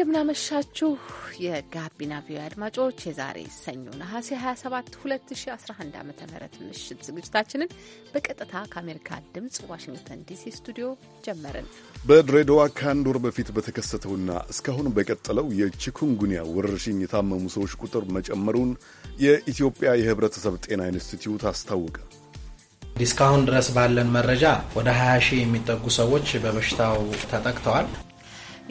እንደምናመሻችሁ የጋቢና ቪዮ አድማጮች የዛሬ ሰኞ ነሐሴ 27 2011 ዓ ም ምሽት ዝግጅታችንን በቀጥታ ከአሜሪካ ድምፅ ዋሽንግተን ዲሲ ስቱዲዮ ጀመርን። በድሬዳዋ ከአንድ ወር በፊት በተከሰተውና እስካሁን በቀጠለው የቺኩንጉኒያ ወረርሽኝ የታመሙ ሰዎች ቁጥር መጨመሩን የኢትዮጵያ የሕብረተሰብ ጤና ኢንስቲትዩት አስታወቀ። እስካሁን ድረስ ባለን መረጃ ወደ 20 ሺህ የሚጠጉ ሰዎች በበሽታው ተጠቅተዋል።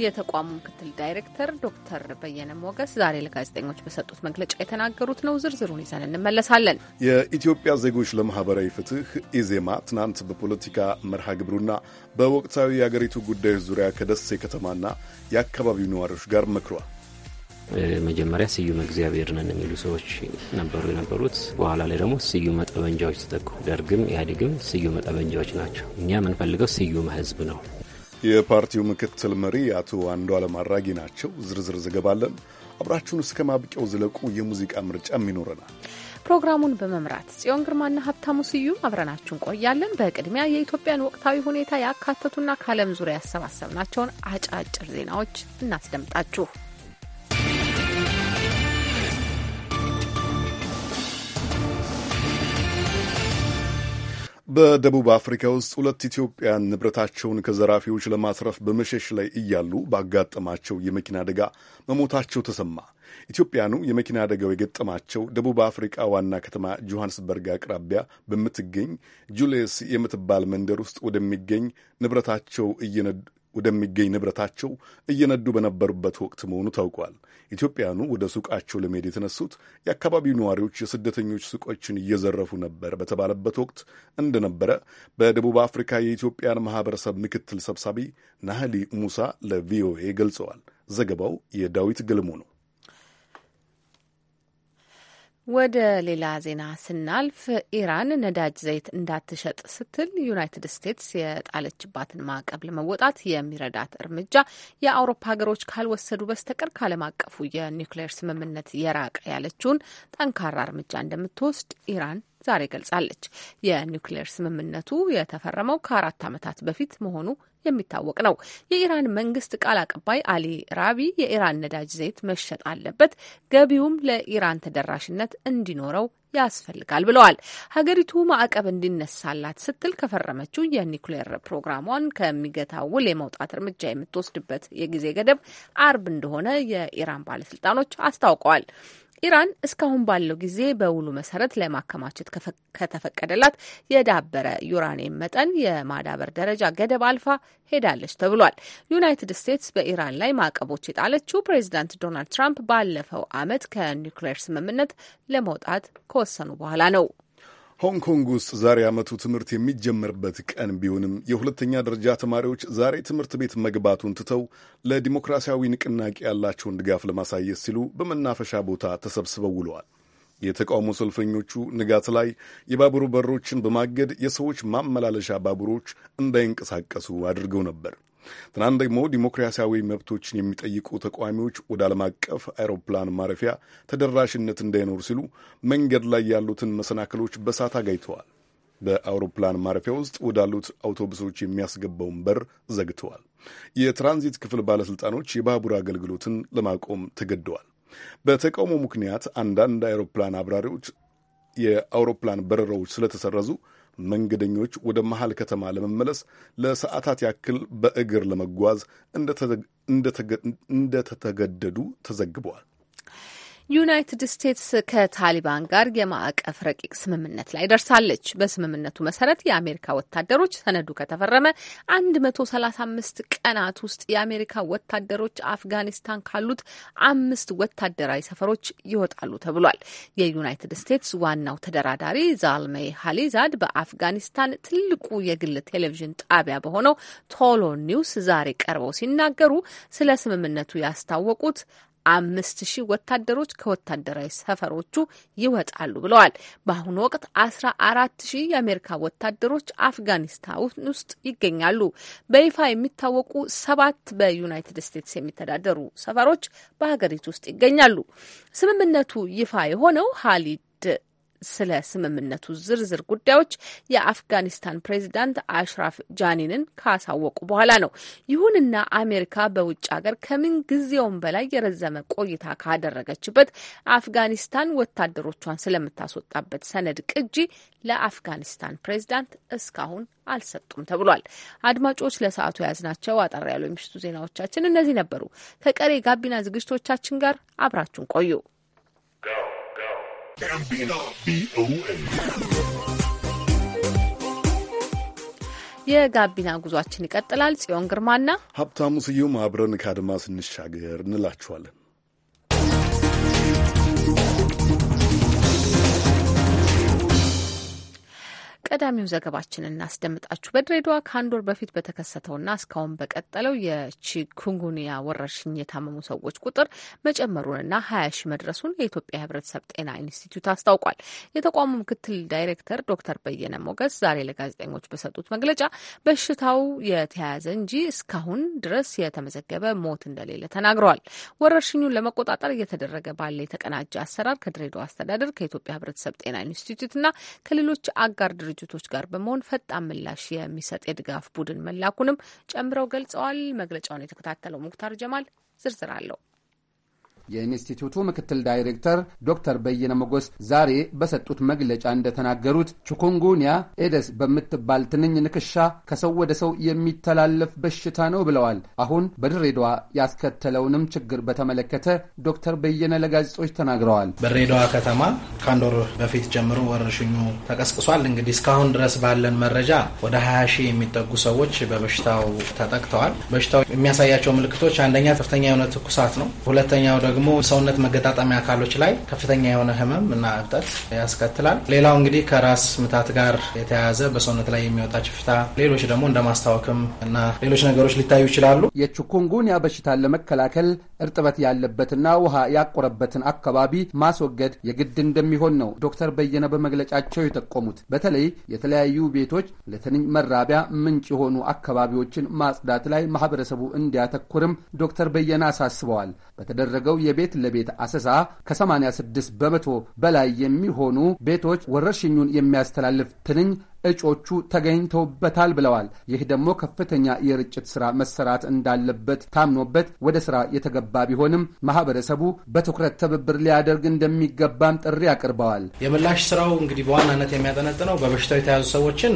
የተቋሙ ምክትል ዳይሬክተር ዶክተር በየነ ሞገስ ዛሬ ለጋዜጠኞች በሰጡት መግለጫ የተናገሩት ነው። ዝርዝሩን ይዘን እንመለሳለን። የኢትዮጵያ ዜጎች ለማህበራዊ ፍትህ ኢዜማ ትናንት በፖለቲካ መርሃ ግብሩና በወቅታዊ የአገሪቱ ጉዳዮች ዙሪያ ከደሴ ከተማና የአካባቢው ነዋሪዎች ጋር መክሯል። መጀመሪያ ስዩም እግዚአብሔር ነን የሚሉ ሰዎች ነበሩ የነበሩት። በኋላ ላይ ደግሞ ስዩመ ጠበንጃዎች ተጠቁ። ደርግም ኢህአዴግም ስዩመ ጠበንጃዎች ናቸው። እኛ የምንፈልገው ስዩመ ህዝብ ነው። የፓርቲው ምክትል መሪ አቶ አንዱዓለም አራጌ ናቸው። ዝርዝር ዘገባ አለን። አብራችሁን እስከ ማብቂያው ዝለቁ። የሙዚቃ ምርጫም ይኖረናል። ፕሮግራሙን በመምራት ጽዮን ግርማና ሀብታሙ ስዩም አብረናችሁ እንቆያለን። በቅድሚያ የኢትዮጵያን ወቅታዊ ሁኔታ ያካተቱና ከዓለም ዙሪያ ያሰባሰብናቸውን አጫጭር ዜናዎች እናስደምጣችሁ። በደቡብ አፍሪካ ውስጥ ሁለት ኢትዮጵያን ንብረታቸውን ከዘራፊዎች ለማስረፍ በመሸሽ ላይ እያሉ ባጋጠማቸው የመኪና አደጋ መሞታቸው ተሰማ። ኢትዮጵያኑ የመኪና አደጋው የገጠማቸው ደቡብ አፍሪካ ዋና ከተማ ጆሐንስበርግ አቅራቢያ በምትገኝ ጁልየስ የምትባል መንደር ውስጥ ወደሚገኝ ንብረታቸው ወደሚገኝ ንብረታቸው እየነዱ በነበሩበት ወቅት መሆኑ ታውቋል። ኢትዮጵያውያኑ ወደ ሱቃቸው ለመሄድ የተነሱት የአካባቢው ነዋሪዎች የስደተኞች ሱቆችን እየዘረፉ ነበር በተባለበት ወቅት እንደነበረ በደቡብ አፍሪካ የኢትዮጵያን ማህበረሰብ ምክትል ሰብሳቢ ናህሊ ሙሳ ለቪኦኤ ገልጸዋል። ዘገባው የዳዊት ገልሞ ነው። ወደ ሌላ ዜና ስናልፍ ኢራን ነዳጅ ዘይት እንዳትሸጥ ስትል ዩናይትድ ስቴትስ የጣለችባትን ማዕቀብ ለመወጣት የሚረዳት እርምጃ የአውሮፓ ሀገሮች ካልወሰዱ በስተቀር ከዓለም አቀፉ የኒውክሌር ስምምነት የራቀ ያለችውን ጠንካራ እርምጃ እንደምትወስድ ኢራን ዛሬ ገልጻለች። የኒውክሌር ስምምነቱ የተፈረመው ከአራት ዓመታት በፊት መሆኑ የሚታወቅ ነው። የኢራን መንግስት ቃል አቀባይ አሊ ራቢ የኢራን ነዳጅ ዘይት መሸጥ አለበት፣ ገቢውም ለኢራን ተደራሽነት እንዲኖረው ያስፈልጋል ብለዋል። ሀገሪቱ ማዕቀብ እንዲነሳላት ስትል ከፈረመችው የኒኩሌር ፕሮግራሟን ከሚገታ ውል የመውጣት እርምጃ የምትወስድበት የጊዜ ገደብ አርብ እንደሆነ የኢራን ባለስልጣኖች አስታውቀዋል። ኢራን እስካሁን ባለው ጊዜ በውሉ መሰረት ለማከማቸት ከተፈቀደላት የዳበረ ዩራኒየም መጠን የማዳበር ደረጃ ገደብ አልፋ ሄዳለች ተብሏል። ዩናይትድ ስቴትስ በኢራን ላይ ማዕቀቦች የጣለችው ፕሬዚዳንት ዶናልድ ትራምፕ ባለፈው ዓመት ከኒውክሌር ስምምነት ለመውጣት ከወሰኑ በኋላ ነው። ሆንግ ኮንግ ውስጥ ዛሬ ዓመቱ ትምህርት የሚጀመርበት ቀን ቢሆንም የሁለተኛ ደረጃ ተማሪዎች ዛሬ ትምህርት ቤት መግባቱን ትተው ለዲሞክራሲያዊ ንቅናቄ ያላቸውን ድጋፍ ለማሳየት ሲሉ በመናፈሻ ቦታ ተሰብስበው ውለዋል። የተቃውሞ ሰልፈኞቹ ንጋት ላይ የባቡሩ በሮችን በማገድ የሰዎች ማመላለሻ ባቡሮች እንዳይንቀሳቀሱ አድርገው ነበር። ትናንት ደግሞ ዲሞክራሲያዊ መብቶችን የሚጠይቁ ተቃዋሚዎች ወደ ዓለም አቀፍ አውሮፕላን ማረፊያ ተደራሽነት እንዳይኖር ሲሉ መንገድ ላይ ያሉትን መሰናክሎች በሳት አጋይተዋል። በአውሮፕላን ማረፊያ ውስጥ ወዳሉት አውቶቡሶች የሚያስገባውን በር ዘግተዋል። የትራንዚት ክፍል ባለሥልጣኖች የባቡር አገልግሎትን ለማቆም ተገደዋል። በተቃውሞ ምክንያት አንዳንድ አውሮፕላን አብራሪዎች የአውሮፕላን በረራዎች ስለተሰረዙ መንገደኞች ወደ መሀል ከተማ ለመመለስ ለሰዓታት ያክል በእግር ለመጓዝ እንደተተገደዱ ተዘግበዋል። ዩናይትድ ስቴትስ ከታሊባን ጋር የማዕቀፍ ረቂቅ ስምምነት ላይ ደርሳለች። በስምምነቱ መሰረት የአሜሪካ ወታደሮች ሰነዱ ከተፈረመ 135 ቀናት ውስጥ የአሜሪካ ወታደሮች አፍጋኒስታን ካሉት አምስት ወታደራዊ ሰፈሮች ይወጣሉ ተብሏል። የዩናይትድ ስቴትስ ዋናው ተደራዳሪ ዛልሜይ ሀሊዛድ በአፍጋኒስታን ትልቁ የግል ቴሌቪዥን ጣቢያ በሆነው ቶሎ ኒውስ ዛሬ ቀርበው ሲናገሩ ስለ ስምምነቱ ያስታወቁት አምስት ሺህ ወታደሮች ከወታደራዊ ሰፈሮቹ ይወጣሉ ብለዋል። በአሁኑ ወቅት አስራ አራት ሺህ የአሜሪካ ወታደሮች አፍጋኒስታን ውስጥ ይገኛሉ። በይፋ የሚታወቁ ሰባት በዩናይትድ ስቴትስ የሚተዳደሩ ሰፈሮች በሀገሪቱ ውስጥ ይገኛሉ። ስምምነቱ ይፋ የሆነው ሀሊድ ስለ ስምምነቱ ዝርዝር ጉዳዮች የአፍጋኒስታን ፕሬዚዳንት አሽራፍ ጃኒንን ካሳወቁ በኋላ ነው። ይሁንና አሜሪካ በውጭ ሀገር ከምን ጊዜውም በላይ የረዘመ ቆይታ ካደረገችበት አፍጋኒስታን ወታደሮቿን ስለምታስወጣበት ሰነድ ቅጂ ለአፍጋኒስታን ፕሬዚዳንት እስካሁን አልሰጡም ተብሏል። አድማጮች ለሰዓቱ የያዝናቸው አጠር ያሉ የምሽቱ ዜናዎቻችን እነዚህ ነበሩ። ከቀሬ ጋቢና ዝግጅቶቻችን ጋር አብራችሁን ቆዩ። ጋቢና ቪኦኤ የጋቢና ጉዟችን ይቀጥላል። ጽዮን ግርማና ሀብታሙ ስዩም አብረን ከአድማስ እንሻገር እንላችኋለን። ቀዳሚው ዘገባችንን እናስደምጣችሁ። በድሬዳዋ ከአንድ ወር በፊት በተከሰተውና እስካሁን በቀጠለው የቺኩንጉኒያ ወረርሽኝ የታመሙ ሰዎች ቁጥር መጨመሩንና ሀያ ሺ መድረሱን የኢትዮጵያ ሕብረተሰብ ጤና ኢንስቲትዩት አስታውቋል። የተቋሙ ምክትል ዳይሬክተር ዶክተር በየነ ሞገስ ዛሬ ለጋዜጠኞች በሰጡት መግለጫ በሽታው የተያያዘ እንጂ እስካሁን ድረስ የተመዘገበ ሞት እንደሌለ ተናግረዋል። ወረርሽኙን ለመቆጣጠር እየተደረገ ባለ የተቀናጀ አሰራር ከድሬዳዋ አስተዳደር ከኢትዮጵያ ሕብረተሰብ ጤና ኢንስቲትዩትና ከሌሎች አጋር ድርጅ ድርጅቶች ጋር በመሆን ፈጣን ምላሽ የሚሰጥ የድጋፍ ቡድን መላኩንም ጨምረው ገልጸዋል። መግለጫውን የተከታተለው ሙክታር ጀማል ዝርዝር አለው። የኢንስቲትዩቱ ምክትል ዳይሬክተር ዶክተር በየነ መጎስ ዛሬ በሰጡት መግለጫ እንደተናገሩት ቹኩንጉኒያ ኤደስ በምትባል ትንኝ ንክሻ ከሰው ወደ ሰው የሚተላለፍ በሽታ ነው ብለዋል። አሁን በድሬዳዋ ያስከተለውንም ችግር በተመለከተ ዶክተር በየነ ለጋዜጦች ተናግረዋል። በድሬዳዋ ከተማ ከአንድ ወር በፊት ጀምሮ ወረርሽኙ ተቀስቅሷል። እንግዲህ እስካሁን ድረስ ባለን መረጃ ወደ 20 ሺህ የሚጠጉ ሰዎች በበሽታው ተጠቅተዋል። በሽታው የሚያሳያቸው ምልክቶች አንደኛ ከፍተኛ የሆነ ትኩሳት ነው። ሁለተኛው ደግሞ ደግሞ ሰውነት መገጣጠሚያ አካሎች ላይ ከፍተኛ የሆነ ህመም እና እብጠት ያስከትላል። ሌላው እንግዲህ ከራስ ምታት ጋር የተያያዘ በሰውነት ላይ የሚወጣ ችፍታ፣ ሌሎች ደግሞ እንደ ማስታወክም እና ሌሎች ነገሮች ሊታዩ ይችላሉ። የቺኩንጉንያ በሽታን ለመከላከል እርጥበት ያለበትና ውሃ ያቆረበትን አካባቢ ማስወገድ የግድ እንደሚሆን ነው ዶክተር በየነ በመግለጫቸው የጠቆሙት። በተለይ የተለያዩ ቤቶች ለትንኝ መራቢያ ምንጭ የሆኑ አካባቢዎችን ማጽዳት ላይ ማህበረሰቡ እንዲያተኩርም ዶክተር በየነ አሳስበዋል። በተደረገው የቤት ለቤት አሰሳ ከ86 በመቶ በላይ የሚሆኑ ቤቶች ወረርሽኙን የሚያስተላልፍ ትንኝ እጮቹ ተገኝተውበታል ብለዋል። ይህ ደግሞ ከፍተኛ የርጭት ስራ መሰራት እንዳለበት ታምኖበት ወደ ስራ የተገባ ቢሆንም ማህበረሰቡ በትኩረት ትብብር ሊያደርግ እንደሚገባም ጥሪ አቅርበዋል። የምላሽ ስራው እንግዲህ በዋናነት የሚያጠነጥነው በበሽታው የተያዙ ሰዎችን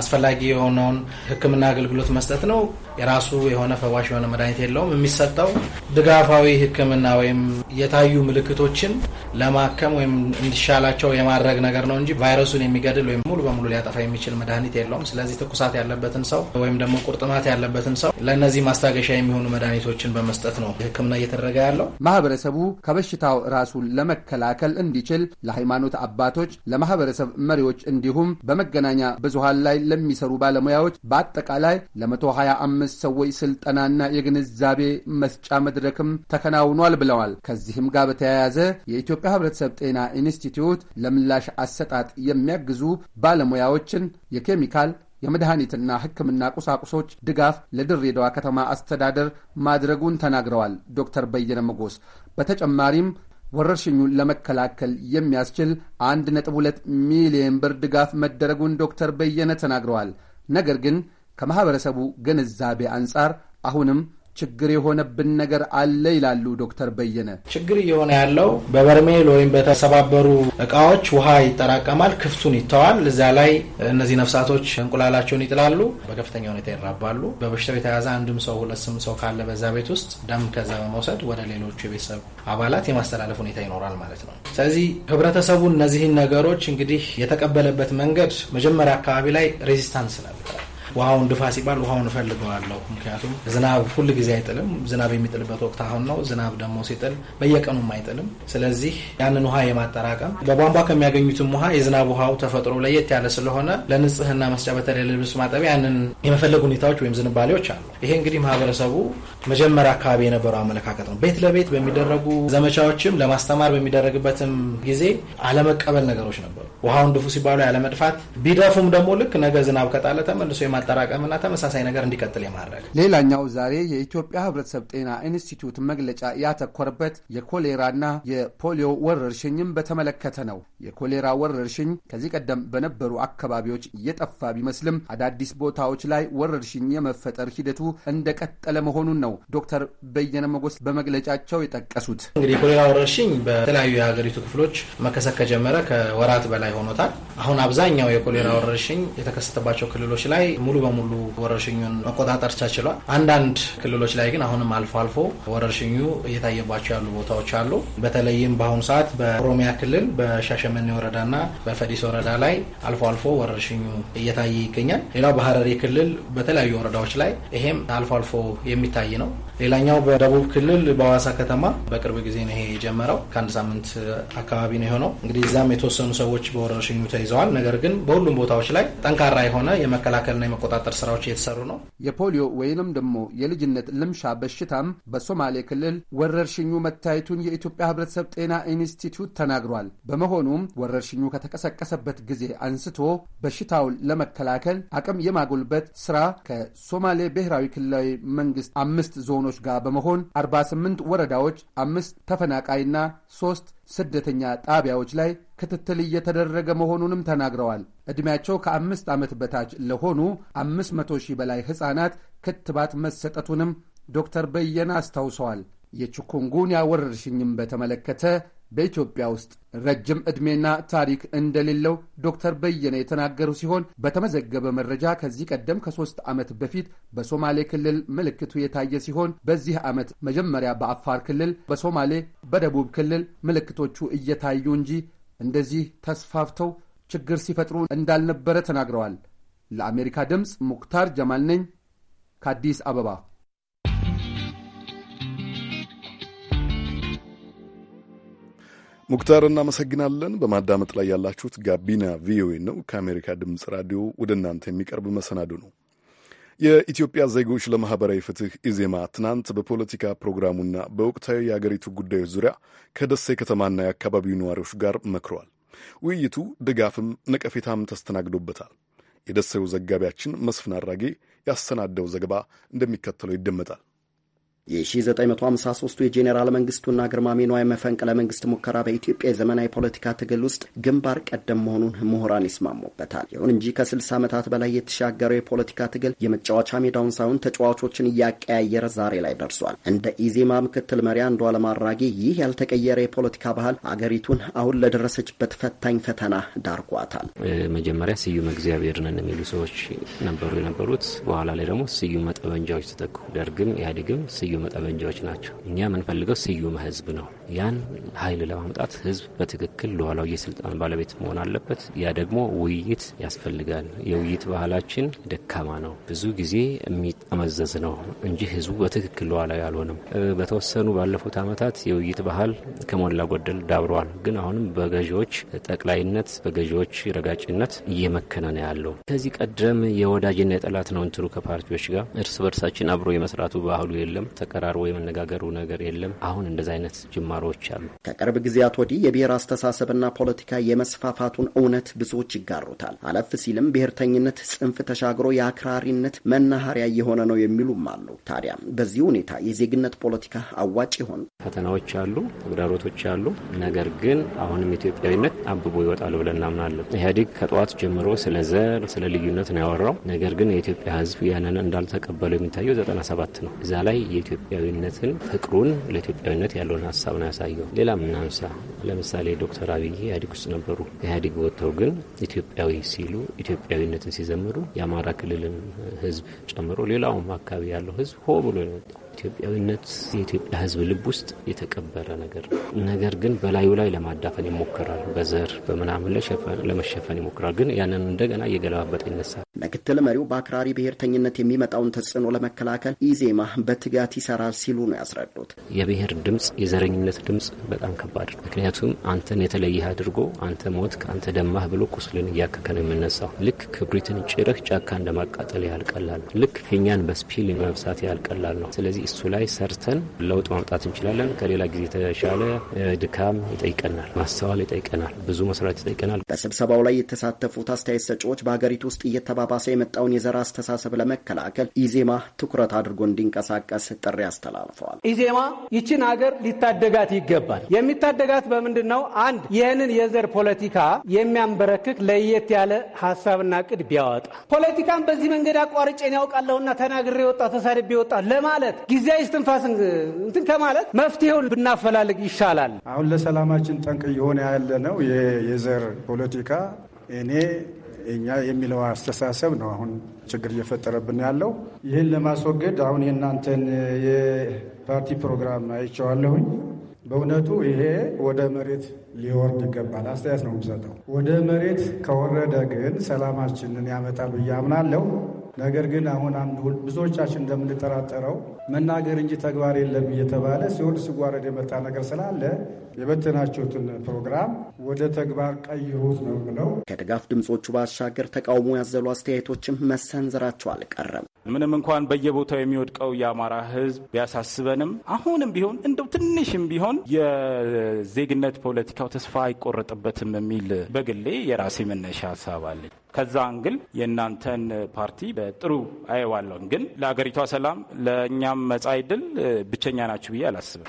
አስፈላጊ የሆነውን ሕክምና አገልግሎት መስጠት ነው። የራሱ የሆነ ፈዋሽ የሆነ መድኃኒት የለውም። የሚሰጠው ድጋፋዊ ሕክምና ወይም የታዩ ምልክቶችን ለማከም ወይም እንዲሻላቸው የማድረግ ነገር ነው እንጂ ቫይረሱን የሚገድል ወይም ሙሉ በሙሉ ሊያጠፋ ሊያጠፋ የሚችል መድኃኒት የለውም። ስለዚህ ትኩሳት ያለበትን ሰው ወይም ደግሞ ቁርጥማት ያለበትን ሰው ለእነዚህ ማስታገሻ የሚሆኑ መድኃኒቶችን በመስጠት ነው ሕክምና እየተደረገ ያለው። ማህበረሰቡ ከበሽታው ራሱን ለመከላከል እንዲችል ለሃይማኖት አባቶች፣ ለማህበረሰብ መሪዎች እንዲሁም በመገናኛ ብዙሃን ላይ ለሚሰሩ ባለሙያዎች በአጠቃላይ ለ125 ሰዎች ስልጠናና የግንዛቤ መስጫ መድረክም ተከናውኗል ብለዋል። ከዚህም ጋር በተያያዘ የኢትዮጵያ ህብረተሰብ ጤና ኢንስቲትዩት ለምላሽ አሰጣጥ የሚያግዙ ባለሙያዎች መሳሪያዎችን፣ የኬሚካል የመድኃኒትና ሕክምና ቁሳቁሶች ድጋፍ ለድሬዳዋ ከተማ አስተዳደር ማድረጉን ተናግረዋል ዶክተር በየነ መጎስ። በተጨማሪም ወረርሽኙን ለመከላከል የሚያስችል 1.2 ሚሊዮን ብር ድጋፍ መደረጉን ዶክተር በየነ ተናግረዋል። ነገር ግን ከማኅበረሰቡ ግንዛቤ አንጻር አሁንም ችግር የሆነብን ነገር አለ ይላሉ ዶክተር በየነ። ችግር እየሆነ ያለው በበርሜል ወይም በተሰባበሩ እቃዎች ውሃ ይጠራቀማል፣ ክፍቱን ይተዋል። እዚያ ላይ እነዚህ ነፍሳቶች እንቁላላቸውን ይጥላሉ፣ በከፍተኛ ሁኔታ ይራባሉ። በበሽታው የተያዘ አንድም ሰው ስም ሰው ካለ በዛ ቤት ውስጥ ደም ከዛ በመውሰድ ወደ ሌሎቹ የቤተሰብ አባላት የማስተላለፍ ሁኔታ ይኖራል ማለት ነው። ስለዚህ ህብረተሰቡ እነዚህን ነገሮች እንግዲህ የተቀበለበት መንገድ መጀመሪያ አካባቢ ላይ ሬዚስታንስ ነበር። ውሃውን ድፋ ሲባል ውሃውን እፈልገዋለሁ። ምክንያቱም ዝናብ ሁል ጊዜ አይጥልም። ዝናብ የሚጥልበት ወቅት አሁን ነው። ዝናብ ደግሞ ሲጥል በየቀኑም አይጥልም። ስለዚህ ያንን ውሃ የማጠራቀም በቧንቧ ከሚያገኙትም ውሃ የዝናብ ውሃው ተፈጥሮ ለየት ያለ ስለሆነ ለንጽህና መስጫ በተለይ ልብስ ማጠቢያ ያንን የመፈለግ ሁኔታዎች ወይም ዝንባሌዎች አሉ። ይሄ እንግዲህ ማህበረሰቡ መጀመሪያ አካባቢ የነበረው አመለካከት ነው። ቤት ለቤት በሚደረጉ ዘመቻዎችም ለማስተማር በሚደረግበትም ጊዜ አለመቀበል ነገሮች ነበሩ። ውሃውን ድፉ ሲባሉ ያለመድፋት ቢደፉም ደግሞ ልክ ነገ ዝናብ ከጣለ ተመልሶ የማ የማጠራቀምና ተመሳሳይ ነገር እንዲቀጥል የማድረግ ሌላኛው ዛሬ የኢትዮጵያ ህብረተሰብ ጤና ኢንስቲትዩት መግለጫ ያተኮረበት የኮሌራና የፖሊዮ ወረርሽኝም በተመለከተ ነው። የኮሌራ ወረርሽኝ ከዚህ ቀደም በነበሩ አካባቢዎች እየጠፋ ቢመስልም አዳዲስ ቦታዎች ላይ ወረርሽኝ የመፈጠር ሂደቱ እንደቀጠለ መሆኑን ነው ዶክተር በየነ መጎስ በመግለጫቸው የጠቀሱት። እንግዲህ የኮሌራ ወረርሽኝ በተለያዩ የሀገሪቱ ክፍሎች መከሰት ከጀመረ ከወራት በላይ ሆኖታል። አሁን አብዛኛው የኮሌራ ወረርሽኝ የተከሰተባቸው ክልሎች ላይ ሙሉ ሙሉ በሙሉ ወረርሽኙን መቆጣጠር ተችሏል። አንዳንድ ክልሎች ላይ ግን አሁንም አልፎ አልፎ ወረርሽኙ እየታየባቸው ያሉ ቦታዎች አሉ። በተለይም በአሁኑ ሰዓት በኦሮሚያ ክልል በሻሸመኔ ወረዳና በፈዲስ ወረዳ ላይ አልፎ አልፎ ወረርሽኙ እየታየ ይገኛል። ሌላው በሀረሪ ክልል በተለያዩ ወረዳዎች ላይ ይሄም አልፎ አልፎ የሚታይ ነው። ሌላኛው በደቡብ ክልል በሀዋሳ ከተማ በቅርብ ጊዜ ነው ይሄ የጀመረው። ከአንድ ሳምንት አካባቢ ነው የሆነው። እንግዲህ እዛም የተወሰኑ ሰዎች በወረርሽኙ ተይዘዋል። ነገር ግን በሁሉም ቦታዎች ላይ ጠንካራ የሆነ የመከላከልና የመቆጣጠር ስራዎች እየተሰሩ ነው። የፖሊዮ ወይንም ደግሞ የልጅነት ልምሻ በሽታም በሶማሌ ክልል ወረርሽኙ መታየቱን የኢትዮጵያ ሕብረተሰብ ጤና ኢንስቲትዩት ተናግሯል። በመሆኑም ወረርሽኙ ከተቀሰቀሰበት ጊዜ አንስቶ በሽታውን ለመከላከል አቅም የማጎልበት ስራ ከሶማሌ ብሔራዊ ክልላዊ መንግስት አምስት ዞኖ መኮንኖች ጋር በመሆን 48 ወረዳዎች አምስት ተፈናቃይና ሦስት ስደተኛ ጣቢያዎች ላይ ክትትል እየተደረገ መሆኑንም ተናግረዋል። ዕድሜያቸው ከአምስት ዓመት በታች ለሆኑ 500 ሺህ በላይ ሕፃናት ክትባት መሰጠቱንም ዶክተር በየነ አስታውሰዋል። የቺኩንጉንያ ወረርሽኝም በተመለከተ በኢትዮጵያ ውስጥ ረጅም ዕድሜና ታሪክ እንደሌለው ዶክተር በየነ የተናገሩ ሲሆን በተመዘገበ መረጃ ከዚህ ቀደም ከሶስት ዓመት በፊት በሶማሌ ክልል ምልክቱ የታየ ሲሆን በዚህ ዓመት መጀመሪያ በአፋር ክልል፣ በሶማሌ፣ በደቡብ ክልል ምልክቶቹ እየታዩ እንጂ እንደዚህ ተስፋፍተው ችግር ሲፈጥሩ እንዳልነበረ ተናግረዋል። ለአሜሪካ ድምፅ ሙክታር ጀማል ነኝ ከአዲስ አበባ። ሙክታር እናመሰግናለን። በማዳመጥ ላይ ያላችሁት ጋቢና ቪኦኤ ነው። ከአሜሪካ ድምፅ ራዲዮ ወደ እናንተ የሚቀርብ መሰናዶ ነው። የኢትዮጵያ ዜጎች ለማኅበራዊ ፍትህ ኢዜማ ትናንት በፖለቲካ ፕሮግራሙና በወቅታዊ የአገሪቱ ጉዳዮች ዙሪያ ከደሴ ከተማና የአካባቢው ነዋሪዎች ጋር መክረዋል። ውይይቱ ድጋፍም ነቀፌታም ተስተናግዶበታል። የደሴው ዘጋቢያችን መስፍን አድራጌ ያሰናደው ዘገባ እንደሚከተለው ይደመጣል። የ1953ቱ የጄኔራል መንግስቱና ግርማሜ ነዋይ መፈንቅለ መንግስት ሙከራ በኢትዮጵያ የዘመናዊ ፖለቲካ ትግል ውስጥ ግንባር ቀደም መሆኑን ምሁራን ይስማሙበታል። ይሁን እንጂ ከ60 ዓመታት በላይ የተሻገረው የፖለቲካ ትግል የመጫወቻ ሜዳውን ሳይሆን ተጫዋቾችን እያቀያየረ ዛሬ ላይ ደርሷል። እንደ ኢዜማ ምክትል መሪ አንዱዓለም አራጌ ይህ ያልተቀየረ የፖለቲካ ባህል አገሪቱን አሁን ለደረሰችበት ፈታኝ ፈተና ዳርጓታል። መጀመሪያ ስዩም እግዚአብሔር ነን የሚሉ ሰዎች ነበሩ የነበሩት። በኋላ ላይ ደግሞ ስዩም ጠመንጃዎች ተተኩ። ደርግም ኢህአዴግም ስዩ ስዩም ጠበንጃዎች ናቸው። እኛ የምንፈልገው ስዩም ህዝብ ነው። ያን ኃይል ለማምጣት ህዝብ በትክክል ለኋላው የስልጣን ባለቤት መሆን አለበት። ያ ደግሞ ውይይት ያስፈልጋል። የውይይት ባህላችን ደካማ ነው፣ ብዙ ጊዜ የሚጠመዘዝ ነው እንጂ ህዝቡ በትክክል ሉዓላዊ አልሆነም። በተወሰኑ ባለፉት አመታት የውይይት ባህል ከሞላ ጎደል ዳብረዋል። ግን አሁንም በገዢዎች ጠቅላይነት፣ በገዢዎች ረጋጭነት እየመከነ ነው ያለው። ከዚህ ቀደም የወዳጅና የጠላት ነው እንትኑ ከፓርቲዎች ጋር እርስ በርሳችን አብሮ የመስራቱ ባህሉ የለም፣ ተቀራርቦ የመነጋገሩ ነገር የለም። አሁን እንደዚ አይነት ጅማ ተማሪዎች አሉ። ከቅርብ ጊዜያት ወዲህ የብሔር አስተሳሰብና ፖለቲካ የመስፋፋቱን እውነት ብዙዎች ይጋሩታል። አለፍ ሲልም ብሔርተኝነት ጽንፍ ተሻግሮ የአክራሪነት መናኸሪያ እየሆነ ነው የሚሉም አሉ። ታዲያ በዚህ ሁኔታ የዜግነት ፖለቲካ አዋጭ ይሆን? ፈተናዎች አሉ፣ ተግዳሮቶች አሉ። ነገር ግን አሁንም ኢትዮጵያዊነት አብቦ ይወጣል ብለን እናምናለን። ኢህአዴግ ከጠዋት ጀምሮ ስለ ዘር፣ ስለ ልዩነት ነው ያወራው። ነገር ግን የኢትዮጵያ ሕዝብ ያንን እንዳልተቀበለው የሚታየው ዘጠና ሰባት ነው። እዛ ላይ የኢትዮጵያዊነትን ፍቅሩን ለኢትዮጵያዊነት ያለውን ሀሳብ ነው ያሳየው። ሌላ ምናንሳ ለምሳሌ ዶክተር አብይ ኢህአዴግ ውስጥ ነበሩ። ኢህአዴግ ወጥተው ግን ኢትዮጵያዊ ሲሉ ኢትዮጵያዊነትን ሲዘምሩ የአማራ ክልልን ህዝብ ጨምሮ ሌላውም አካባቢ ያለው ህዝብ ሆ ብሎ ነው የወጣው። ኢትዮጵያዊነት የኢትዮጵያ ህዝብ ልብ ውስጥ የተቀበረ ነገር ነው። ነገር ግን በላዩ ላይ ለማዳፈን ይሞክራል። በዘር በምናምን ለመሸፈን ይሞክራል። ግን ያንን እንደገና እየገለባበጠ ይነሳል። ምክትል መሪው በአክራሪ ብሔርተኝነት የሚመጣውን ተጽዕኖ ለመከላከል ኢዜማ በትጋት ይሰራል ሲሉ ነው ያስረዱት። የብሔር ድምፅ፣ የዘረኝነት ድምፅ በጣም ከባድ ነው። ምክንያቱም አንተን የተለየህ አድርጎ አንተ ሞት አንተ ደማህ ብሎ ቁስልን እያከከ ነው የምነሳው። ልክ ክብሪትን ጭረህ ጫካ እንደማቃጠል ያልቀላል ነው። ልክ ፊኛን በስፒል መብሳት ያልቀላል ነው። ስለዚህ እሱ ላይ ሰርተን ለውጥ ማምጣት እንችላለን። ከሌላ ጊዜ የተሻለ ድካም ይጠይቀናል፣ ማስተዋል ይጠይቀናል፣ ብዙ መስራት ይጠይቀናል። በስብሰባው ላይ የተሳተፉት አስተያየት ሰጪዎች በሀገሪቱ ውስጥ እየተባ እየተባባሰ የመጣውን የዘር አስተሳሰብ ለመከላከል ኢዜማ ትኩረት አድርጎ እንዲንቀሳቀስ ጥሪ አስተላልፈዋል። ኢዜማ ይችን ሀገር ሊታደጋት ይገባል። የሚታደጋት በምንድን ነው? አንድ ይህንን የዘር ፖለቲካ የሚያንበረክክ ለየት ያለ ሀሳብና ቅድ ቢያወጣ ፖለቲካን በዚህ መንገድ አቋርጬን ያውቃለሁና ተናግሬ ወጣ ተሳድቤ ወጣ ለማለት ጊዜያዊ እስትንፋስ እንትን ከማለት መፍትሄውን ብናፈላልግ ይሻላል። አሁን ለሰላማችን ጠንቅ እየሆነ ያለ ነው የዘር ፖለቲካ እኔ እኛ የሚለው አስተሳሰብ ነው አሁን ችግር እየፈጠረብን ያለው። ይህን ለማስወገድ አሁን የእናንተን የፓርቲ ፕሮግራም አይቼዋለሁኝ። በእውነቱ ይሄ ወደ መሬት ሊወርድ ይገባል። አስተያየት ነው የምሰጠው። ወደ መሬት ከወረደ ግን ሰላማችንን ያመጣል ብዬ አምናለሁ። ነገር ግን አሁን አንድ ብዙዎቻችን እንደምንጠራጠረው መናገር እንጂ ተግባር የለም እየተባለ ሲወርድ ሲዋረድ የመጣ ነገር ስላለ የበተናችሁትን ፕሮግራም ወደ ተግባር ቀይሩት ነው ብለው ከድጋፍ ድምፆቹ ባሻገር ተቃውሞ ያዘሉ አስተያየቶችም መሰንዘራቸው አልቀረም። ምንም እንኳን በየቦታው የሚወድቀው የአማራ ሕዝብ ቢያሳስበንም አሁንም ቢሆን እንደው ትንሽም ቢሆን የዜግነት ፖለቲካው ተስፋ አይቆረጥበትም የሚል በግሌ የራሴ መነሻ ሀሳብ አለኝ። ከዛ እንግል የእናንተን ፓርቲ በጥሩ አየዋለሁ፣ ግን ለአገሪቷ ሰላም ለእኛ ከዛም መጻኢ ዕድል ብቸኛ ናችሁ ብዬ አላስብም።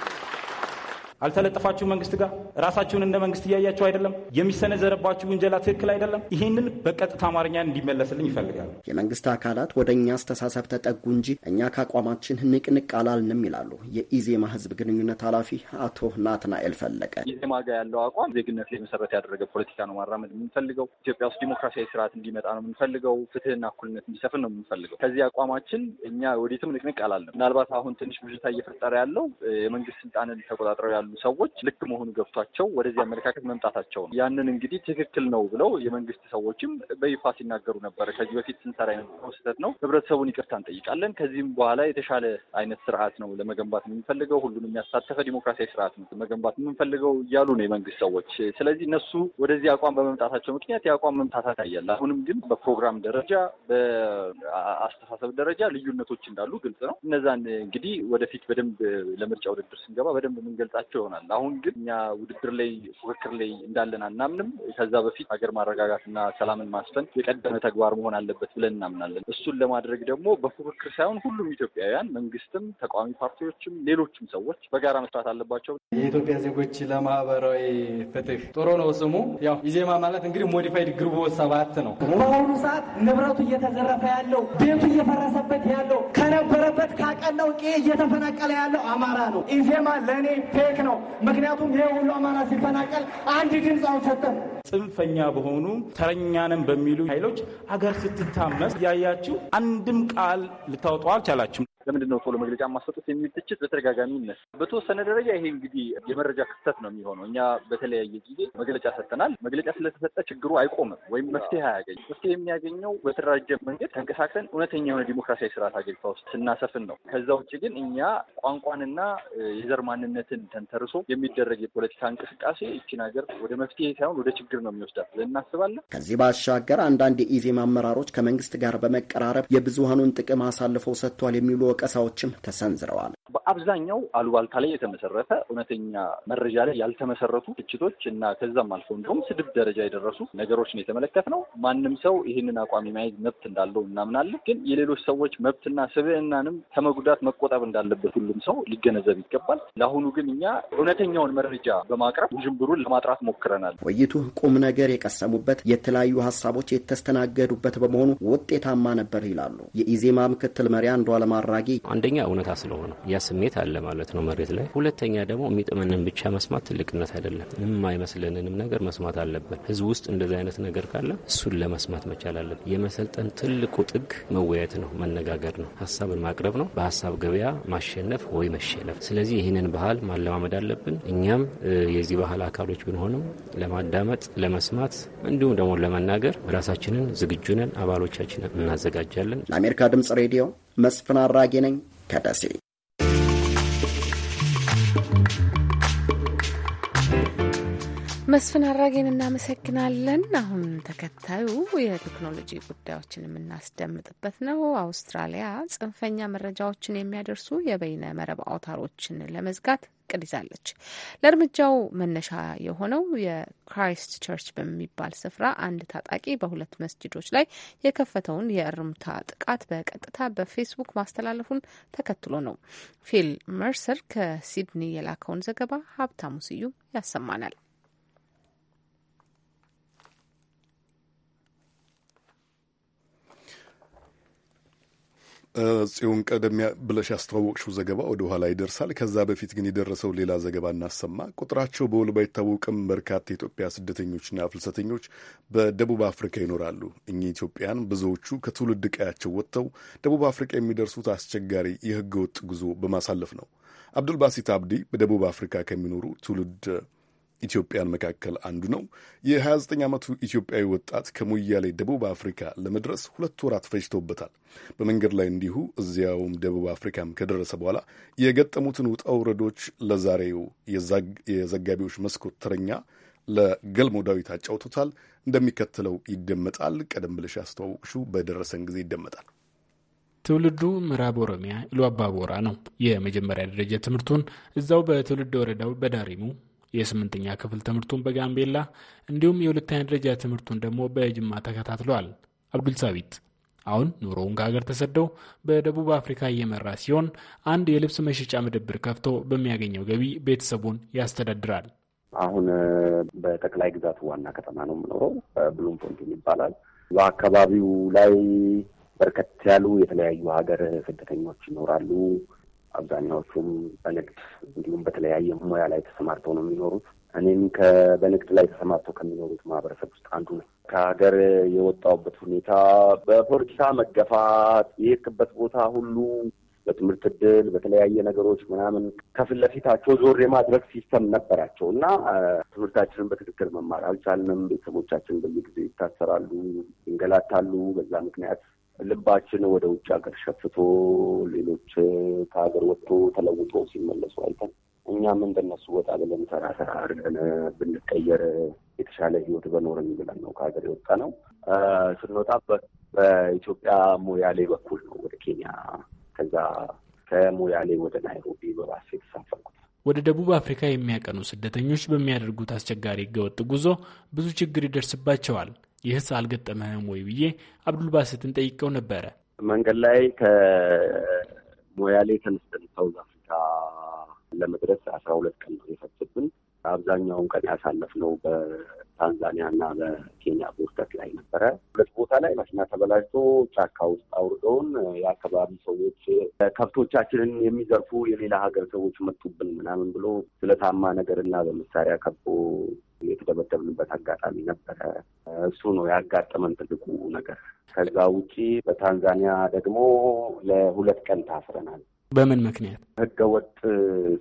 አልተለጠፋችሁ መንግስት ጋር ራሳችሁን እንደ መንግስት እያያችሁ አይደለም። የሚሰነዘረባችሁ ውንጀላ ትክክል አይደለም። ይህንን በቀጥታ አማርኛ እንዲመለስልኝ ይፈልጋሉ። የመንግስት አካላት ወደ እኛ አስተሳሰብ ተጠጉ እንጂ እኛ ከአቋማችን ንቅንቅ አላልንም ይላሉ የኢዜማ ህዝብ ግንኙነት ኃላፊ አቶ ናትናኤል ፈለቀ። ኢዜማ ጋር ያለው አቋም ዜግነት ላይ መሰረት ያደረገ ፖለቲካ ነው ማራመድ የምንፈልገው። ኢትዮጵያ ውስጥ ዲሞክራሲያዊ ስርዓት እንዲመጣ ነው የምንፈልገው። ፍትህና እኩልነት እንዲሰፍን ነው የምንፈልገው። ከዚህ አቋማችን እኛ ወዴትም ንቅንቅ አላልንም። ምናልባት አሁን ትንሽ ብዥታ እየፈጠረ ያለው የመንግስት ስልጣንን ተቆጣጥረው ያሉ ያሉ ሰዎች ልክ መሆኑ ገብቷቸው ወደዚህ አመለካከት መምጣታቸው ነው። ያንን እንግዲህ ትክክል ነው ብለው የመንግስት ሰዎችም በይፋ ሲናገሩ ነበረ። ከዚህ በፊት ስንሰራ የነበረው ስህተት ነው፣ ህብረተሰቡን ይቅርታ እንጠይቃለን። ከዚህም በኋላ የተሻለ አይነት ስርዓት ነው ለመገንባት የምንፈልገው፣ ሁሉንም ያሳተፈ ዲሞክራሲያዊ ስርዓት ነው መገንባት የምንፈልገው እያሉ ነው የመንግስት ሰዎች። ስለዚህ እነሱ ወደዚህ አቋም በመምጣታቸው ምክንያት የአቋም መምታታት ታያል። አሁንም ግን በፕሮግራም ደረጃ በአስተሳሰብ ደረጃ ልዩነቶች እንዳሉ ግልጽ ነው። እነዛን እንግዲህ ወደፊት በደንብ ለምርጫ ውድድር ስንገባ በደንብ የምንገልጻቸው ይሆናል። አሁን ግን እኛ ውድድር ላይ ፉክክር ላይ እንዳለን አናምንም። ከዛ በፊት ሀገር ማረጋጋትና ሰላምን ማስፈን የቀደመ ተግባር መሆን አለበት ብለን እናምናለን። እሱን ለማድረግ ደግሞ በፉክክር ሳይሆን ሁሉም ኢትዮጵያውያን፣ መንግስትም፣ ተቃዋሚ ፓርቲዎችም፣ ሌሎችም ሰዎች በጋራ መስራት አለባቸው። የኢትዮጵያ ዜጎች ለማህበራዊ ፍትህ ጥሩ ነው ስሙ። ያው ኢዜማ ማለት እንግዲህ ሞዲፋይድ ግንቦት ሰባት ነው። በአሁኑ ሰዓት ንብረቱ እየተዘረፈ ያለው ቤቱ እየፈረሰበት ያለው ከነበረበት ካቀናው ቄ እየተፈናቀለ ያለው አማራ ነው። ኢዜማ ለእኔ ፌክ ነው። ነው። ምክንያቱም ይሄ ሁሉ አማራ ሲፈናቀል አንድ ድምፅ አልሰጠም። ጽንፈኛ በሆኑ ተረኛንም በሚሉ ኃይሎች አገር ስትታመስ ያያችሁ አንድም ቃል ልታወጡ አልቻላችሁም። ለምንድን ነው ቶሎ መግለጫ ማሰጡት የሚል ትችት በተደጋጋሚ ይነሳል። በተወሰነ ደረጃ ይሄ እንግዲህ የመረጃ ክፍተት ነው የሚሆነው። እኛ በተለያየ ጊዜ መግለጫ ሰጥተናል። መግለጫ ስለተሰጠ ችግሩ አይቆምም ወይም መፍትሄ አያገኝ መፍትሄ የሚያገኘው በተደራጀ መንገድ ተንቀሳቅሰን እውነተኛ የሆነ ዲሞክራሲያዊ ስርዓት አገሪቷ ውስጥ ስናሰፍን ነው። ከዛ ውጭ ግን እኛ ቋንቋንና የዘር ማንነትን ተንተርሶ የሚደረግ የፖለቲካ እንቅስቃሴ ይችን ሀገር ወደ መፍትሄ ሳይሆን ወደ ችግር ነው የሚወስዳት ብለን እናስባለን። ከዚህ ባሻገር አንዳንድ የኢዜማ አመራሮች ከመንግስት ጋር በመቀራረብ የብዙሀኑን ጥቅም አሳልፈው ሰጥቷል የሚሉ ወቀሳዎችም ተሰንዝረዋል። በአብዛኛው አሉባልታ ላይ የተመሰረተ እውነተኛ መረጃ ላይ ያልተመሰረቱ ትችቶች እና ከዛም አልፎ እንዲሁም ስድብ ደረጃ የደረሱ ነገሮችን የተመለከት ነው። ማንም ሰው ይህንን አቋም የመያዝ መብት እንዳለው እናምናለን። ግን የሌሎች ሰዎች መብትና ስብዕናንም ከመጉዳት መቆጠብ እንዳለበት ሁሉም ሰው ሊገነዘብ ይገባል። ለአሁኑ ግን እኛ እውነተኛውን መረጃ በማቅረብ ውዥንብሩን ለማጥራት ሞክረናል። ውይይቱ ቁም ነገር የቀሰሙበት የተለያዩ ሀሳቦች የተስተናገዱበት በመሆኑ ውጤታማ ነበር ይላሉ የኢዜማ ምክትል መሪ አንዷለም አራጌ አስፈላጊ አንደኛ እውነታ ስለሆነ ያ ስሜት አለ ማለት ነው መሬት ላይ። ሁለተኛ ደግሞ የሚጥመንን ብቻ መስማት ትልቅነት አይደለም። የማይመስለንንም ነገር መስማት አለብን። ህዝብ ውስጥ እንደዚህ አይነት ነገር ካለ እሱን ለመስማት መቻል አለብን። የመሰልጠን ትልቁ ጥግ መወያየት ነው፣ መነጋገር ነው፣ ሀሳብን ማቅረብ ነው። በሀሳብ ገበያ ማሸነፍ ወይ መሸነፍ። ስለዚህ ይህንን ባህል ማለማመድ አለብን። እኛም የዚህ ባህል አካሎች ብንሆንም ለማዳመጥ ለመስማት፣ እንዲሁም ደግሞ ለመናገር ራሳችንን ዝግጁ ነን። አባሎቻችንን እናዘጋጃለን። ለአሜሪካ ድምጽ ሬዲዮ መስፍን አራጌ ነኝ ከደሴ መስፍን አራጌን እናመሰግናለን። አሁን ተከታዩ የቴክኖሎጂ ጉዳዮችን የምናስደምጥበት ነው። አውስትራሊያ ጽንፈኛ መረጃዎችን የሚያደርሱ የበይነ መረብ አውታሮችን ለመዝጋት እቅድ ይዛለች። ለእርምጃው መነሻ የሆነው የክራይስት ቸርች በሚባል ስፍራ አንድ ታጣቂ በሁለት መስጂዶች ላይ የከፈተውን የእርምታ ጥቃት በቀጥታ በፌስቡክ ማስተላለፉን ተከትሎ ነው። ፊል መርሰር ከሲድኒ የላከውን ዘገባ ሀብታሙ ስዩም ያሰማናል። ጽዮን ቀደም ብለሽ ያስተዋወቅሽው ዘገባ ወደ ኋላ ይደርሳል። ከዛ በፊት ግን የደረሰው ሌላ ዘገባ እናሰማ። ቁጥራቸው በውል ባይታወቅም በርካታ የኢትዮጵያ ስደተኞችና ፍልሰተኞች በደቡብ አፍሪካ ይኖራሉ። እኚህ ኢትዮጵያን ብዙዎቹ ከትውልድ ቀያቸው ወጥተው ደቡብ አፍሪካ የሚደርሱት አስቸጋሪ የሕገ ወጥ ጉዞ በማሳለፍ ነው። አብዱልባሲት አብዲ በደቡብ አፍሪካ ከሚኖሩ ትውልድ ኢትዮጵያን መካከል አንዱ ነው። የ29 ዓመቱ ኢትዮጵያዊ ወጣት ከሞያሌ ደቡብ አፍሪካ ለመድረስ ሁለት ወራት ፈጅቶበታል። በመንገድ ላይ እንዲሁ እዚያውም ደቡብ አፍሪካም ከደረሰ በኋላ የገጠሙትን ውጣ ውረዶች ለዛሬው የዘጋቢዎች መስኮት ተረኛ ለገልሞ ዳዊት አጫውቶታል። እንደሚከተለው ይደመጣል። ቀደም ብለሽ ያስተዋወቅሹ በደረሰን ጊዜ ይደመጣል። ትውልዱ ምዕራብ ኦሮሚያ ኢሉ አባቦራ ነው። የመጀመሪያ ደረጃ ትምህርቱን እዛው በትውልድ ወረዳው በዳሪሙ የስምንተኛ ክፍል ትምህርቱን በጋምቤላ እንዲሁም የሁለተኛ ደረጃ ትምህርቱን ደግሞ በጅማ ተከታትሏል። አብዱልሳቢት አሁን ኑሮውን ከሀገር ተሰደው በደቡብ አፍሪካ እየመራ ሲሆን አንድ የልብስ መሸጫ መደብር ከፍቶ በሚያገኘው ገቢ ቤተሰቡን ያስተዳድራል። አሁን በጠቅላይ ግዛቱ ዋና ከተማ ነው የምኖረው። ብሉምፎንቴን ይባላል። በአካባቢው ላይ በርከት ያሉ የተለያዩ ሀገር ስደተኞች ይኖራሉ። አብዛኛዎቹም በንግድ እንዲሁም በተለያየ ሙያ ላይ ተሰማርተው ነው የሚኖሩት። እኔም በንግድ ላይ ተሰማርተው ከሚኖሩት ማህበረሰብ ውስጥ አንዱ ነው። ከሀገር የወጣሁበት ሁኔታ በፖለቲካ መገፋት የሄድክበት ቦታ ሁሉ በትምህርት እድል በተለያየ ነገሮች ምናምን ከፊት ለፊታቸው ዞር የማድረግ ሲስተም ነበራቸው እና ትምህርታችንን በትክክል መማር አልቻልንም። ቤተሰቦቻችን በየጊዜው ይታሰራሉ፣ ይንገላታሉ። በዛ ምክንያት ልባችን ወደ ውጭ ሀገር ሸፍቶ ሌሎች ከሀገር ወጥቶ ተለውጦ ሲመለሱ አይተን እኛም እንደነሱ ወጣ ብለን ሰራ ሰራ አድርገን ብንቀየር የተሻለ ህይወት በኖርን ብለን ነው ከሀገር የወጣ ነው። ስንወጣ በኢትዮጵያ ሞያሌ በኩል ነው ወደ ኬንያ፣ ከዛ ከሞያሌ ወደ ናይሮቢ በባስ የተሳፈርኩት። ወደ ደቡብ አፍሪካ የሚያቀኑ ስደተኞች በሚያደርጉት አስቸጋሪ ህገወጥ ጉዞ ብዙ ችግር ይደርስባቸዋል። ይህስ አልገጠመህም ወይ ብዬ አብዱልባስትን ጠይቀው ነበረ። መንገድ ላይ ከሞያሌ ተነስተን ሳውዝ አፍሪካ ለመድረስ አስራ ሁለት ቀን ነው የፈጀብን። አብዛኛውን ቀን ያሳለፍነው በታንዛኒያ እና በኬንያ ቦርደር ላይ ነበረ። ሁለት ቦታ ላይ መኪና ተበላሽቶ ጫካ ውስጥ አውርደውን የአካባቢ ሰዎች ከብቶቻችንን የሚዘርፉ የሌላ ሀገር ሰዎች መጡብን ምናምን ብሎ ስለታማ ነገርና በመሳሪያ ከቦ የተደበደብንበት አጋጣሚ ነበረ። እሱ ነው ያጋጠመን ትልቁ ነገር። ከዛ ውጪ በታንዛኒያ ደግሞ ለሁለት ቀን ታስረናል። በምን ምክንያት? ህገ ወጥ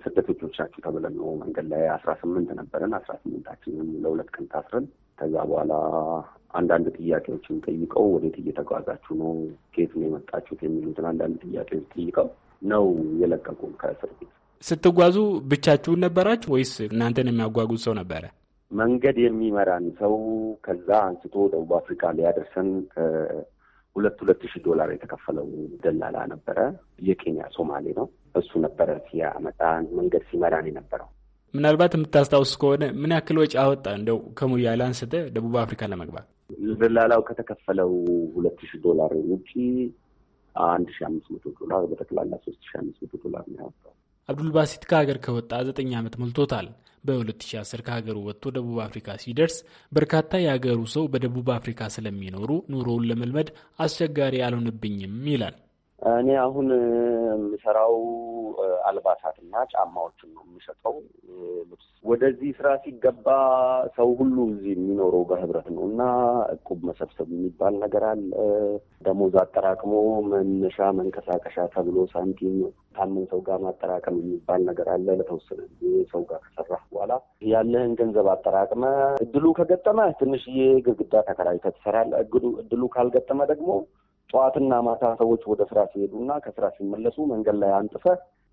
ስደተኞች ተብለን ነው። መንገድ ላይ አስራ ስምንት ነበረን። አስራ ስምንታችንም ለሁለት ቀን ታስረን ከዛ በኋላ አንዳንድ ጥያቄዎችን ጠይቀው ወዴት እየተጓዛችሁ ነው፣ ከየት ነው የመጣችሁት የሚሉትን አንዳንድ ጥያቄዎች ጠይቀው ነው የለቀቁን ከእስር ቤት። ስትጓዙ ብቻችሁን ነበራችሁ ወይስ እናንተን የሚያጓጉዝ ሰው ነበረ? መንገድ የሚመራን ሰው ከዛ አንስቶ ደቡብ አፍሪካ ሊያደርሰን ሁለት ሁለት ሺህ ዶላር የተከፈለው ደላላ ነበረ። የኬንያ ሶማሌ ነው። እሱ ነበረ ሲያመጣን መንገድ ሲመራን የነበረው። ምናልባት የምታስታውስ ከሆነ ምን ያክል ወጪ አወጣ እንደው ከሙያላ አንስተ ደቡብ አፍሪካ ለመግባት? ደላላው ከተከፈለው ሁለት ሺህ ዶላር ውጪ አንድ ሺህ አምስት መቶ ዶላር በጠቅላላ ሶስት ሺህ አምስት መቶ ዶላር ነው ያወጣው። አብዱልባሲት ከሀገር ከወጣ 9 ዓመት ሞልቶታል። በ2010 ከሀገሩ ወጥቶ ደቡብ አፍሪካ ሲደርስ በርካታ የሀገሩ ሰው በደቡብ አፍሪካ ስለሚኖሩ ኑሮውን ለመልመድ አስቸጋሪ አልሆንብኝም ይላል። እኔ አሁን የምሰራው አልባሳት አልባሳትና ጫማዎችን ነው የምሸጠው። ልብስ ወደዚህ ስራ ሲገባ ሰው ሁሉ እዚህ የሚኖረው በህብረት ነው እና እቁብ መሰብሰብ የሚባል ነገር አለ። ደሞዝ አጠራቅሞ መነሻ መንቀሳቀሻ ተብሎ ሳንቲም ታምን ሰው ጋር ማጠራቀም የሚባል ነገር አለ። ለተወሰነ ጊዜ ሰው ጋር ከሰራህ በኋላ ያለህን ገንዘብ አጠራቅመ እድሉ ከገጠመ ትንሽዬ ግድግዳ ተከራይተህ ትሰራለህ። እድሉ ካልገጠመ ደግሞ ጠዋትና ማታ ሰዎች ወደ ስራ ሲሄዱና ከስራ ሲመለሱ መንገድ ላይ አንጥፈ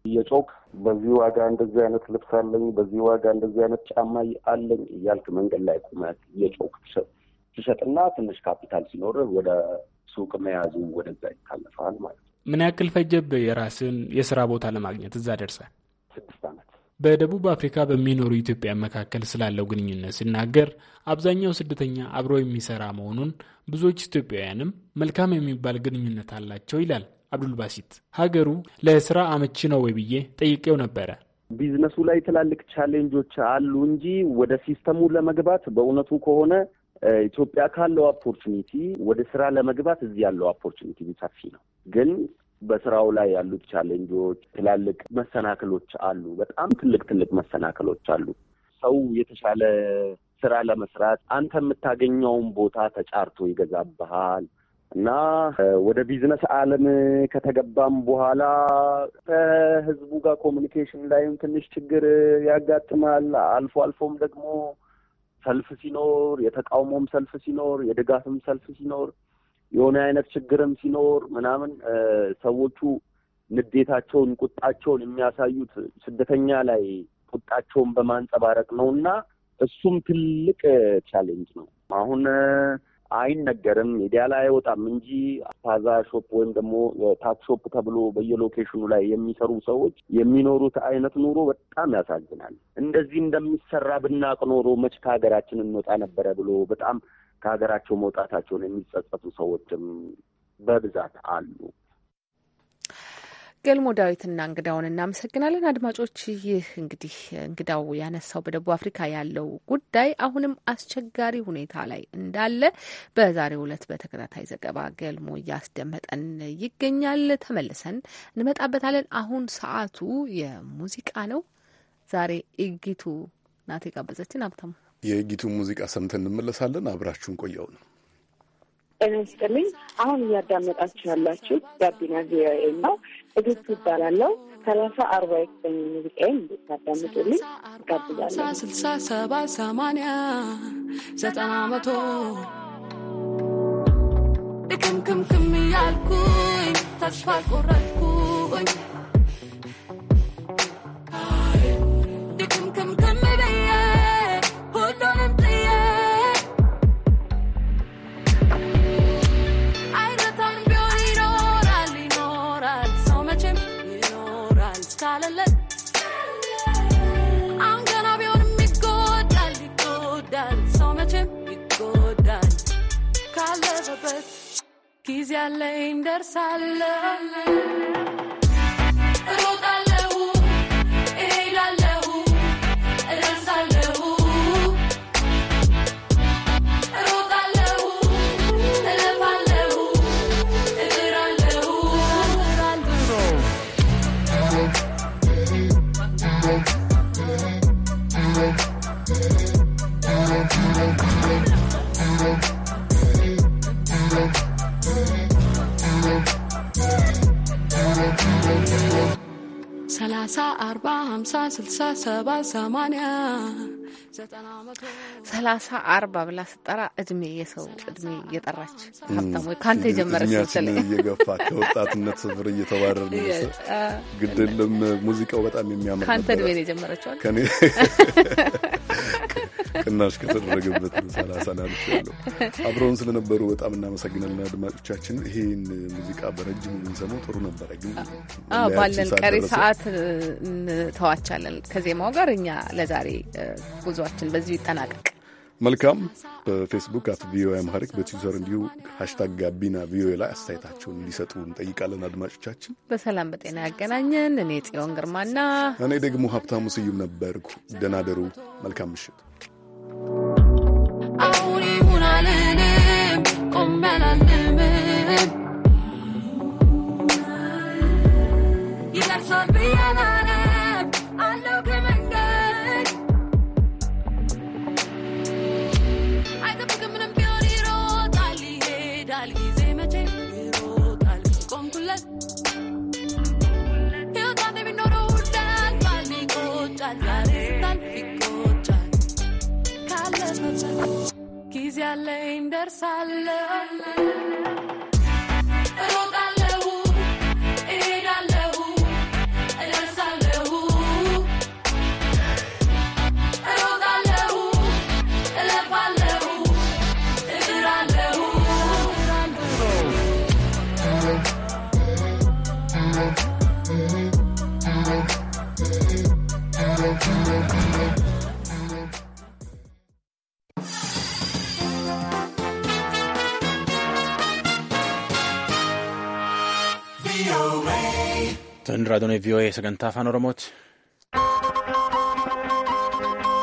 እየጮክ በዚህ ዋጋ እንደዚህ አይነት ልብስ አለኝ፣ በዚህ ዋጋ እንደዚህ አይነት ጫማ አለኝ እያልክ መንገድ ላይ ቁመት እየጮክ ትሸጥና ትንሽ ካፒታል ሲኖርህ ወደ ሱቅ መያዙ ወደዛ ይታለፋል ማለት ነው። ምን ያክል ፈጀብህ የራስን የስራ ቦታ ለማግኘት እዛ ደርሰህ? ስድስት ዓመት በደቡብ አፍሪካ በሚኖሩ ኢትዮጵያ መካከል ስላለው ግንኙነት ሲናገር አብዛኛው ስደተኛ አብሮ የሚሰራ መሆኑን ብዙዎች ኢትዮጵያውያንም መልካም የሚባል ግንኙነት አላቸው ይላል አብዱልባሲት። ሀገሩ ለስራ አመቺ ነው ወይ ብዬ ጠይቄው ነበረ። ቢዝነሱ ላይ ትላልቅ ቻሌንጆች አሉ እንጂ ወደ ሲስተሙ ለመግባት በእውነቱ ከሆነ ኢትዮጵያ ካለው ኦፖርቹኒቲ ወደ ስራ ለመግባት እዚህ ያለው ኦፖርቹኒቲ ሰፊ ነው ግን በስራው ላይ ያሉት ቻሌንጆች፣ ትላልቅ መሰናክሎች አሉ። በጣም ትልቅ ትልቅ መሰናክሎች አሉ። ሰው የተሻለ ስራ ለመስራት አንተ የምታገኘውን ቦታ ተጫርቶ ይገዛብሃል እና ወደ ቢዝነስ አለም ከተገባም በኋላ ከህዝቡ ጋር ኮሚኒኬሽን ላይም ትንሽ ችግር ያጋጥማል። አልፎ አልፎም ደግሞ ሰልፍ ሲኖር የተቃውሞም ሰልፍ ሲኖር የድጋፍም ሰልፍ ሲኖር የሆነ አይነት ችግርም ሲኖር ምናምን ሰዎቹ ንዴታቸውን፣ ቁጣቸውን የሚያሳዩት ስደተኛ ላይ ቁጣቸውን በማንጸባረቅ ነው እና እሱም ትልቅ ቻሌንጅ ነው። አሁን አይነገርም፣ ሚዲያ ላይ አይወጣም እንጂ አስፓዛ ሾፕ ወይም ደግሞ ታክ ሾፕ ተብሎ በየሎኬሽኑ ላይ የሚሰሩ ሰዎች የሚኖሩት አይነት ኑሮ በጣም ያሳዝናል። እንደዚህ እንደሚሰራ ብናቅ ኖሮ መች ከሀገራችን እንወጣ ነበረ ብሎ በጣም ከሀገራቸው መውጣታቸውን የሚጸጸቱ ሰዎችም በብዛት አሉ። ገልሞ ዳዊትና እንግዳውን እናመሰግናለን። አድማጮች፣ ይህ እንግዲህ እንግዳው ያነሳው በደቡብ አፍሪካ ያለው ጉዳይ አሁንም አስቸጋሪ ሁኔታ ላይ እንዳለ በዛሬው ዕለት በተከታታይ ዘገባ ገልሞ እያስደመጠን ይገኛል። ተመልሰን እንመጣበታለን። አሁን ሰዓቱ የሙዚቃ ነው። ዛሬ እጊቱ ናት የጋበዘችን። ሀብታሙ የጊቱን ሙዚቃ ሰምተን እንመለሳለን። አብራችሁን ቆየው ነው። ጤና አሁን እያዳመጣችሁ ያላችሁ ጋቢና ቪኦኤ ነው። እግስት ይባላለው። ሰላሳ አርባ የተሰኘ ሙዚቃዬን እንድታዳምጡልኝ ጋብዛለሁ። ስልሳ ሰባ ሰማንያ ዘጠና መቶ ክምክምክም እያልኩኝ ተስፋ ቆረጥኩኝ ካልቻለለት አሁን ገና ቢሆንም ይጎዳል ይጎዳል ሰው መቼም ይጎዳል ካለበት ጊዜ አለኝ ደርሳለሁ ሰላሳ አርባ ሀምሳ ስልሳ ሰባ ሰማንያ ሰላሳ አርባ ብላ ስጠራ እድሜ የሰው እድሜ እየጠራች ሀብታም ወይ ከአንተ የጀመረች እድሜያችን እየገፋ ከወጣትነት ስፍር እየተባረር ግድ የለም ሙዚቃው በጣም የሚያምር ከአንተ እድሜ ነው የጀመረችዋል ከኔ ቅናሽ ከተደረገበት ሰላሳ ናልፍ ያለው አብረውን ስለነበሩ በጣም እናመሰግናለን አድማጮቻችን። ይህን ሙዚቃ በረጅሙ የምንሰማው ጥሩ ነበረ፣ ግን ባለን ቀሪ ሰዓት እንተዋቻለን ከዜማው ጋር እኛ ለዛሬ ጉዞ መሰናዷችን በዚሁ ይጠናቀቅ። መልካም። በፌስቡክ አት ቪኦኤ አምሃሪክ በትዊተር እንዲሁ ሀሽታግ ጋቢና ቪኦኤ ላይ አስተያየታቸውን እንዲሰጡ እንጠይቃለን። አድማጮቻችን በሰላም በጤና ያገናኘን። እኔ ጽዮን ግርማና እኔ ደግሞ ሀብታሙ ስዩም ነበርኩ። ደናደሩ መልካም ምሽት። አሁን ይሁን universal. kun raadiyoon VOA sagantaa afaan Oromooti.